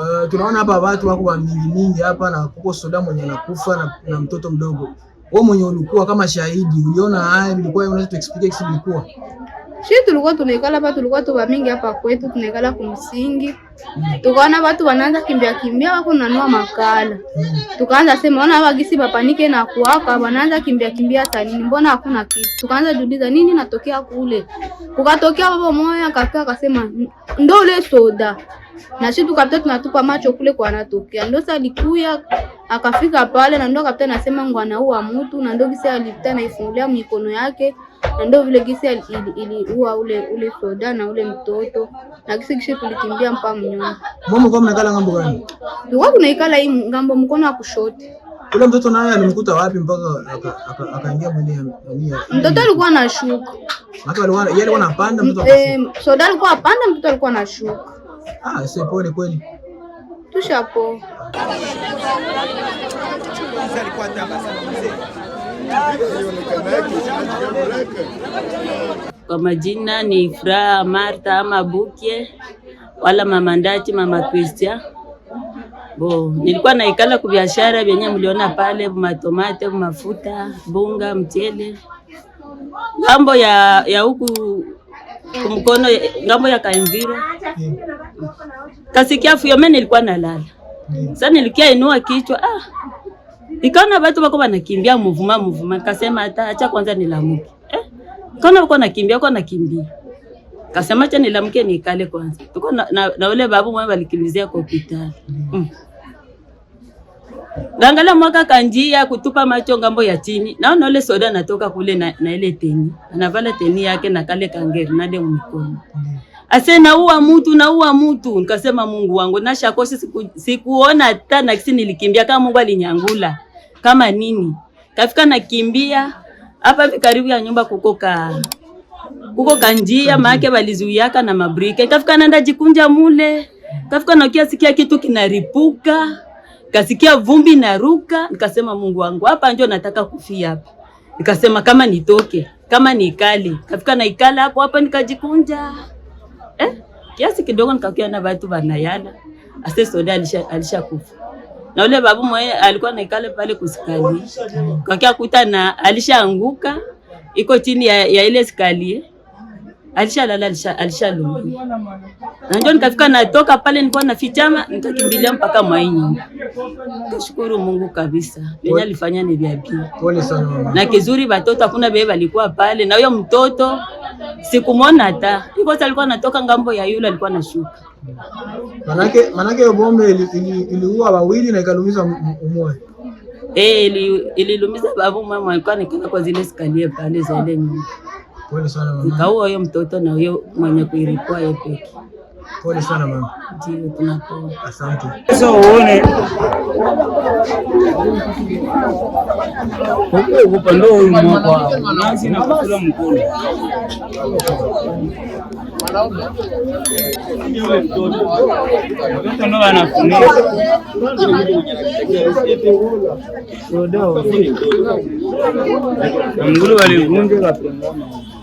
Eh, tunaona hapa watu wako wa mingi mingi hapa na kuko soda mwenye anakufa na, na mtoto mdogo. Wewe mwenye ulikuwa kama shahidi uliona haya, ilikuwa unaweza tuexplain explain ilikuwa shi tulikuwa tunaikala hapa, tulikuwa tuba mingi hapa kwetu, tunaikala kumsingi. Tukaona watu wanaanza kimbia kimbia, wako nanua makala, tukaanza sema ona hawa gisi bapanike na kuwaka, wanaanza kimbia kimbia hata nini, mbona hakuna kitu? Tukaanza jiuliza nini natokea kule. Kukatokea baba mmoja akakaa akasema ndo ile soda, na shi tukapita tunatupa macho kule kwa anatokea, ndo sasa alikuya akafika pale, na ndo kapita nasema ngo anaua mtu, na ndo gisi alipita naifungulia mikono yake na ndio vile gisi iliua ule ule soda na ule mtoto na gisi kishe tulikimbia mpaka mnyumba. Mko mnakala ngambo gani? Tulikuwa tunaikala hii ngambo mkono wa kushoto. Ule mtoto naye alimkuta wapi mpaka akaingia mwili ya mtoto? Alikuwa anashuka, yeye alikuwa anapanda mtoto, eh, soda alikuwa anapanda mtoto, alikuwa anashuka. Ah, sio pole kweli, tushapo kwa majina ni Furaha Martha ama Bukie wala mama Ndachi, mama Christian bo, nilikuwa naikala kubiashara vyenye mliona pale, matomate, mafuta, bunga, mchele ngambo ya ya huku kumkono ngambo ya Kaimvira kasikia fuyo. Mimi nilikuwa nalala sasa, nilikia inua kichwa ah Nikaona watu wako wanakimbia mvuma mvuma, kasema hata acha kwanza nilamuke. Eh? Nikaona wako nakimbia wako nakimbia. Kasema acha nilamuke nikale kwanza. Tuko na, na, na ule babu mwenye walikimbizia kwa hospitali. Mm. Naangalia mwaka kanjia kutupa macho ngambo ya chini. Naona ule soda natoka kule na, na ile teni. Anavala teni yake na kale kangeri na ile mkono. Ase naua mtu naua mtu. Nikasema Mungu wangu, nashakosi siku, sikuona hata na kisi nilikimbia kama Mungu alinyangula kama nini kafika nakimbia hapa hivi karibu ya nyumba kuko ka kuko kanjia maake walizuiaka na mabrike. kafika nanda jikunja mule, kafika nakia sikia kitu kinaripuka, kasikia vumbi naruka. Nikasema Mungu wangu, hapa njo nataka kufia hapa. Nikasema kama nitoke kama nikali, kafika naikala hapo hapa nikajikunja eh, kiasi kidogo nikakia na watu wanayana ase soda alisha, alisha kufa na ule babu mwe alikuwa naikale pale kusikali kakia kuta na alishaanguka iko chini ya, ya ile sikalie alishalala alishalumba, na nanjo nikafika natoka pale, nilikuwa nafichama, nikakimbilia mpaka mwainyi. Kashukuru Mungu kabisa, venye alifanya ni vya na kizuri. Batoto hakuna bee balikuwa pale na huyo mtoto sikumwona hata ikosa, alikuwa anatoka ngambo ya yule, alikuwa anashuka. Manake manake hiyo bombe iliua wawili na ikalumiza mmoja. Eh, ililumiza babu mama, alikuwa nikana kwa zile skalie pale za ile nyumba. Pole sana mama. Ikaua huyo mtoto na huyo mwenye kuiripua yeye peke. Pole sana mama. Asante. Sasa uone kupanda huyu mwaka nazi na kula mkono mtoto walivunja kapengana